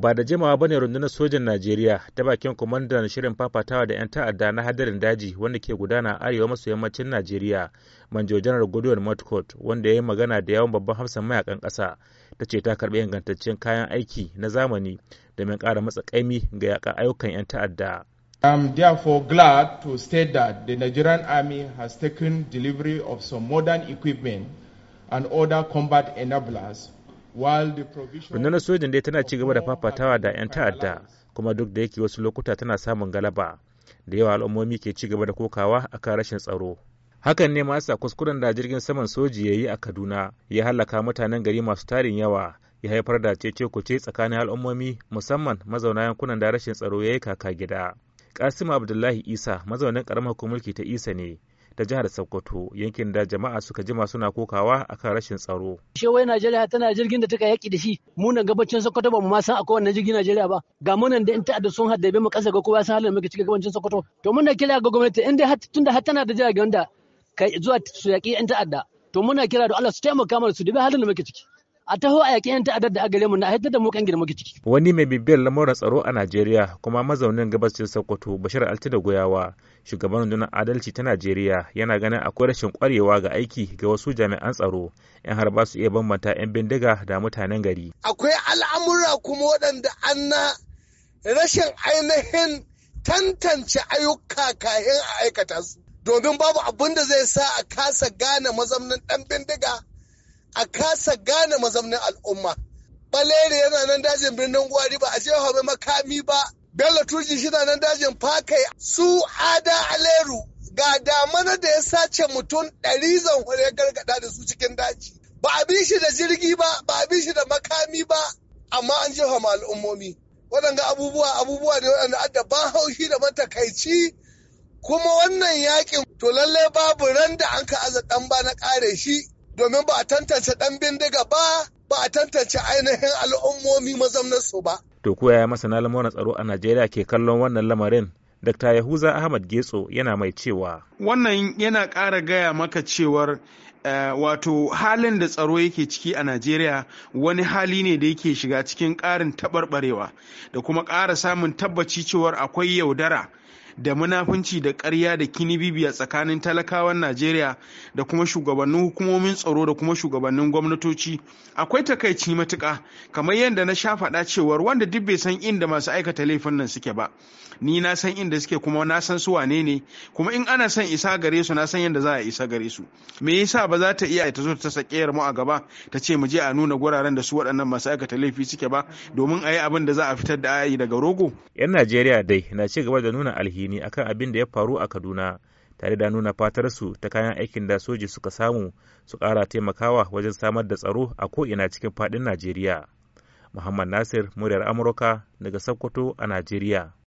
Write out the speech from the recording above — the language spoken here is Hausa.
ba da jimawa bane rundunar sojan najeriya ta bakin kwamandan shirin fafatawa da 'yan ta'adda na hadarin daji wanda ke gudana a arewa maso yammacin najeriya manjo janar godwin Motcourt wanda ya yi magana da yawan babban hamsan mayakan ƙasa ta ce ta karɓi ingantaccen kayan aiki na zamani da domin kara matsa ƙaimi ga yaƙa ayyukan 'yan ta'adda i am therefore glad to state that the Nigerian Army has taken delivery of some modern equipment and other combat enablers rundunar sojin dai tana cigaba da fafatawa da 'yan ta'adda kuma duk da yake wasu lokuta tana samun galaba da yawa al'ummomi ke ci gaba da kokawa akan rashin tsaro hakan ne masa kuskuren da jirgin saman soji ya yi a kaduna ya halaka mutanen gari masu tarin yawa ya haifar da cece kuce tsakanin al'ummomi musamman mazauna yankunan da rashin tsaro ya yi kaka gida kasim abdullahi isa mazaunin karamar hukumar ta isa ne da jihar Sokoto yankin da jama'a suka jima suna kokawa akan rashin tsaro. Shewai Najeriya tana jirgin da taka yaki da shi mu nan gabacin Sokoto ba mu ma san akwai wannan jirgin Najeriya ba ga mu nan da in ta'adda sun haddabe mu kasa ga kowa san halin muke cikin gabacin Sokoto to muna kira ga gwamnati inda har tunda har tana da jiragen da zuwa su yaki in ta'adda to muna kira da Allah su taimaka mana su dubi halin da muke ciki. a taho a yaƙi 'yan ta'addar da agare mu na haifar da mu kan girma ciki. Wani mai bibiyar lamuran tsaro a Najeriya kuma mazaunin gabashin Sokoto Bashir Alti da Goyawa shugaban rundunar adalci ta Najeriya yana ganin akwai rashin kwarewa ga aiki ga wasu jami'an tsaro yan har ba su iya bambanta 'yan bindiga da mutanen gari. Akwai al'amura kuma waɗanda an na rashin ainihin tantance ayyuka kayan a aikata su. Domin babu abin da zai sa a kasa gane mazaunin ɗan bindiga a kasa gane mazaunin al'umma balere yana nan dajin birnin gwari ba a jefa mai makami ba bello turji shi nan dajin fakai su ada aleru ga damana da ya sace mutum ɗari zan ya gargada da su cikin daji ba a bi shi da jirgi ba ba a bi shi da makami ba amma an jefa ma al'ummomi waɗanda abubuwa abubuwa ne waɗanda adda ban haushi da matakaici kuma wannan yakin to lallai babu ran da an ka aza ɗan ba na ƙare shi domin ba a tantance ɗan bindiga ba ba a tantance ainihin al'ummomi su ba. To ko yaya masana lamuran tsaro a Najeriya ke kallon wannan lamarin? Dr. Yahuza Ahmad Getso yana mai cewa. Wannan yana ƙara gaya maka cewar Eh, wato halin da tsaro yake ciki a najeriya wani hali ne da yake shiga cikin ƙarin taɓarɓarewa da kuma ƙara samun tabbaci cewar akwai yaudara da munafunci da ƙarya da kini bibiya tsakanin talakawan najeriya da kuma shugabannin hukumomin tsaro da kuma shugabannin gwamnatoci akwai takaici matuƙa kamar yadda na sha faɗa cewar wanda duk bai san inda masu aikata laifin nan suke ba ni na san inda suke kuma na san su wane ne kuma in ana son isa gare su na san yadda za a isa gare su me yasa ba za ta iya ta zo ta sakeyar mu a gaba ta ce mu je a nuna guraren da su waɗannan masu aikata laifi suke ba domin a yi abin da za a fitar da ayi daga rogo. 'Yan Najeriya dai na ci gaba da nuna alhini akan abin da ya faru a Kaduna tare da nuna fatar su ta kayan aikin da soji suka samu su kara taimakawa wajen samar da tsaro a ko'ina cikin faɗin Najeriya. Muhammad Nasir, muryar Amurka daga Sokoto a Najeriya.